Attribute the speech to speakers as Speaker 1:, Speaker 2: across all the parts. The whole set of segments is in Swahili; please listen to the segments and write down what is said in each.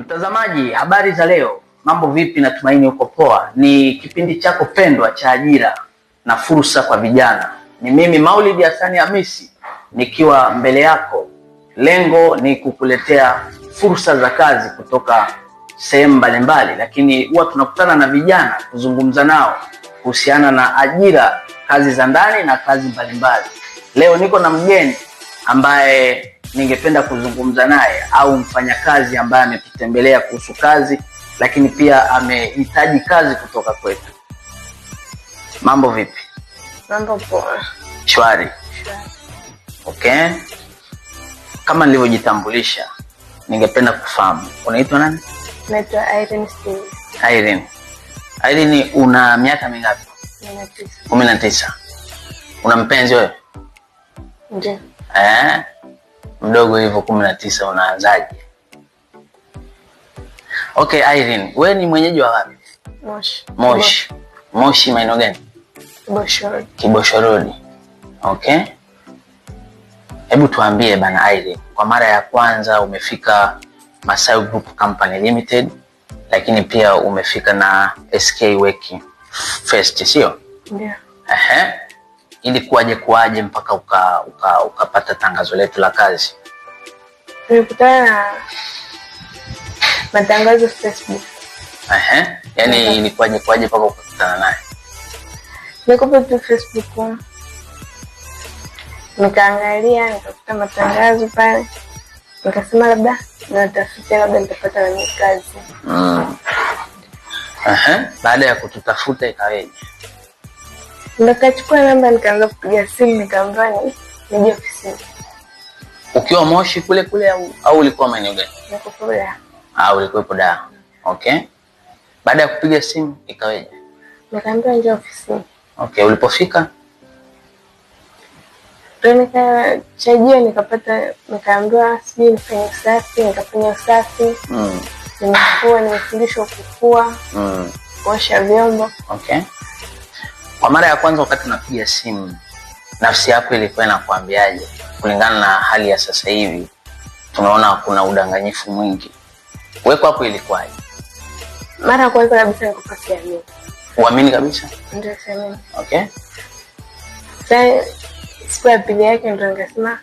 Speaker 1: Mtazamaji, habari za leo, mambo vipi? Natumaini uko poa. Ni kipindi chako pendwa cha ajira na fursa kwa vijana. Ni mimi Maulidi Hasani Hamisi nikiwa mbele yako. Lengo ni kukuletea fursa za kazi kutoka sehemu mbalimbali, lakini huwa tunakutana na vijana kuzungumza nao kuhusiana na ajira, kazi za ndani na kazi mbalimbali. Leo niko na mgeni ambaye ningependa kuzungumza naye au mfanyakazi ambaye ametutembelea kuhusu kazi, lakini pia amehitaji kazi kutoka kwetu. Mambo vipi?
Speaker 2: Mambo poa.
Speaker 1: Shwari. Okay, kama nilivyojitambulisha, ningependa kufahamu unaitwa nani? Naitwa Irene Irene. una miaka mingapi? kumi na tisa. Una mpenzi wewe? mdogo hivyo kumi na tisa unaanzaje? Okay, Irene, wewe ni mwenyeji wa wapi? Moshi. Moshi. Moshi maeneo gani?
Speaker 2: Kibosho Road.
Speaker 1: Kibosho Okay. Hebu tuambie bana Irene, kwa mara ya kwanza umefika Masai Group Company Limited, lakini pia umefika na SK Working First, sio? Ndio. Ehe. Ili kuaje kuaje mpaka ukapata uka, uka tangazo letu la kazi?
Speaker 2: nilikutana na matangazo Facebook.
Speaker 1: Ehe, yani ilikuwaje kwaje mpaka ukakutana naye?
Speaker 2: Nikupa tu Facebook nikaangalia, nikakuta matangazo pale, nikasema labda natafuta labda nitapata na kazi.
Speaker 1: Mm. Baada ya kututafuta ikaweje?
Speaker 2: Nikachukua namba, nikaanza kupiga simu, nikaambani nije ofisini
Speaker 1: ukiwa Moshi kule kule au au ulikuwa maeneo gani? Ah, ulikuwepo da. Okay. Baada ya kupiga simu ikaweje?
Speaker 2: Nikaambiwa njoo ofisini.
Speaker 1: Okay, ulipofika?
Speaker 2: Nika Nikachajia, nikapata, nikaambiwa sijui nifanye usafi, nikafanya usafi. Mm. Nimefua, nimefundishwa kufua. Mm. Kuosha vyombo.
Speaker 1: Okay. Kwa mara ya kwanza wakati unapiga simu, nafsi yako ilikuwa inakuambiaje? kulingana na hali ya sasa hivi tunaona kuna udanganyifu mwingi. Weko hapo ilikuwaje?
Speaker 2: Mara kwa kwanza kabisa nilikuwa mimi.
Speaker 1: Uamini kabisa?
Speaker 2: Ndio siamini. Okay. Sasa siku ya pili yake ndio nikasema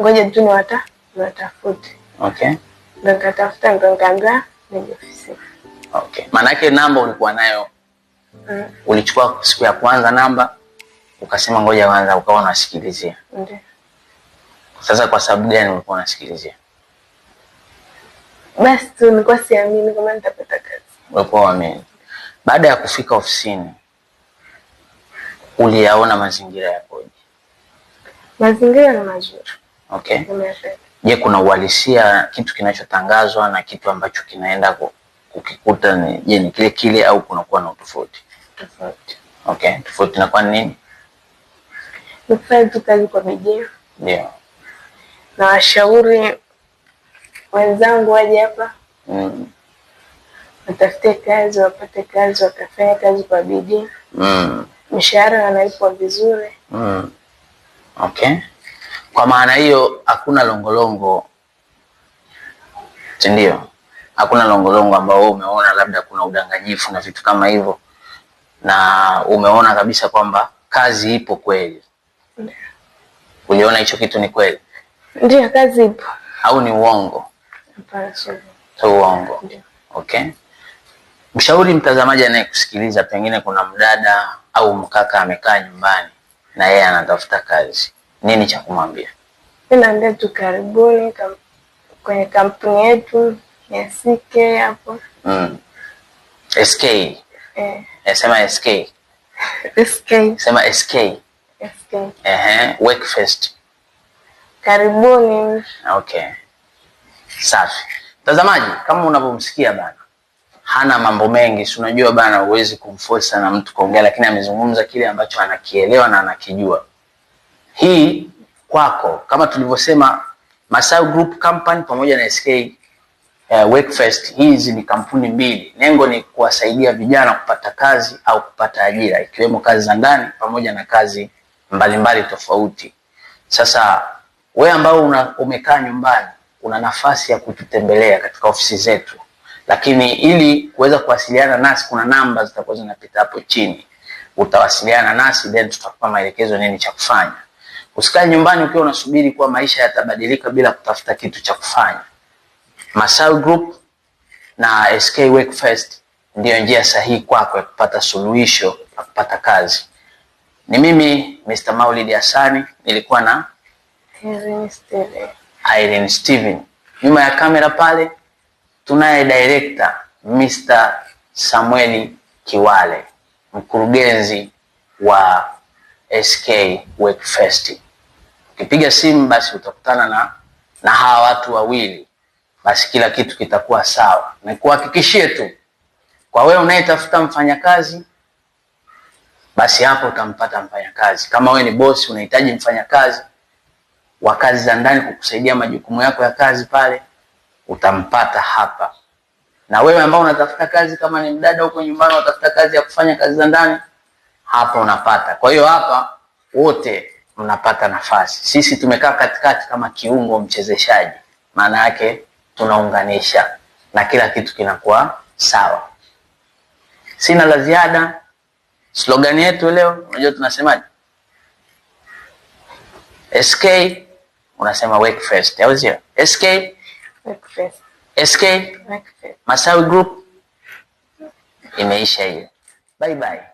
Speaker 2: ngoja tu niwata niwatafute. Okay. Ndo nikatafuta ndo nikaanza ofisi.
Speaker 1: Okay. Maana yake namba ulikuwa nayo mm. Ulichukua siku ya kwanza namba ukasema ngoja kwanza ukawa unasikilizia. Ndio. Sasa kwa sababu gani ulikuwa unasikilizia?
Speaker 2: Basi tu nilikuwa siamini kama nitapata kazi.
Speaker 1: Ulikuwa uamini. Baada ya kufika ofisini uliyaona mazingira yakoje?
Speaker 2: Mazingira ni mazuri.
Speaker 1: Okay. Je, kuna uhalisia kitu kinachotangazwa na kitu ambacho kinaenda kukikuta ni je ni kile kile au kunakuwa na utofauti? Tofauti. Okay, tofauti na kwa nini? Ndio. Yeah
Speaker 2: na washauri wenzangu waje hapa mm. watafute kazi, wapate kazi, wakafanya kazi kwa bidii mm. mshahara wanalipwa vizuri
Speaker 1: mm. Okay, kwa maana hiyo hakuna longolongo, sindio Hakuna longolongo ambao umeona labda kuna udanganyifu na vitu kama hivyo, na umeona kabisa kwamba kazi ipo kweli, uliona hicho kitu ni kweli
Speaker 2: Ndiyo, kazi ipo.
Speaker 1: Au ni uongo?
Speaker 2: Hapana, sio
Speaker 1: uongo. Ndio. Okay. Mshauri mtazamaji anayekusikiliza, pengine kuna mdada au mkaka amekaa nyumbani na yeye anatafuta kazi, nini cha kumwambia?
Speaker 2: Naambia tu karibuni kam, kwenye kampuni yetu ya SK hapo.
Speaker 1: Mm. SK. Eh. eh. Sema SK. SK. Sema SK. SK. Ehe, Workfest.
Speaker 2: Karibuni.
Speaker 1: Okay, safi. Mtazamaji, kama unavyomsikia bana, hana mambo mengi, si unajua bana, huwezi kumforce sana mtu kuongea, lakini amezungumza kile ambacho anakielewa na anakijua. Hii kwako kama tulivyosema, Masai Group Company pamoja na SK uh, eh, Wakefest, hizi ni kampuni mbili, lengo ni kuwasaidia vijana kupata kazi au kupata ajira, ikiwemo kazi za ndani pamoja na kazi mbalimbali mbali tofauti. Sasa We ambao una, umekaa nyumbani una nafasi ya kututembelea katika ofisi zetu, lakini ili kuweza kuwasiliana nasi kuna namba zitakuwa zinapita hapo chini, utawasiliana nasi then tutakupa maelekezo nini cha kufanya. Usikae nyumbani ukiwa unasubiri kuwa maisha yatabadilika bila kutafuta kitu cha kufanya. Masal Group na SK Workfest ndiyo njia sahihi kwako ya kupata suluhisho na kupata kazi. Ni mimi Mr. Maulid Hassani, nilikuwa na Irene Steven. Nyuma ya kamera pale tunaye director Mr. samueli Kiwale, mkurugenzi wa SK Wakefest. Ukipiga simu basi utakutana na, na hawa watu wawili, basi kila kitu kitakuwa sawa. Nikuhakikishie tu kwa wewe unayetafuta mfanyakazi, basi hapo utampata mfanyakazi. Kama wewe ni bosi unahitaji mfanyakazi wa kazi za ndani kukusaidia majukumu yako ya kazi pale, utampata hapa. Na wewe ambao unatafuta kazi, kama ni mdada huko nyumbani unatafuta kazi ya kufanya kazi za ndani, hapa unapata. Kwa hiyo hapa wote mnapata nafasi. Sisi tumekaa katikati kama kiungo mchezeshaji, maana yake tunaunganisha na kila kitu kinakuwa sawa. Sina la ziada. Slogan yetu leo, unajua tunasemaje? SK unasema wake first, au sio? escape wake first, SK wake first. Masawi Group imeisha hiyo. Bye bye.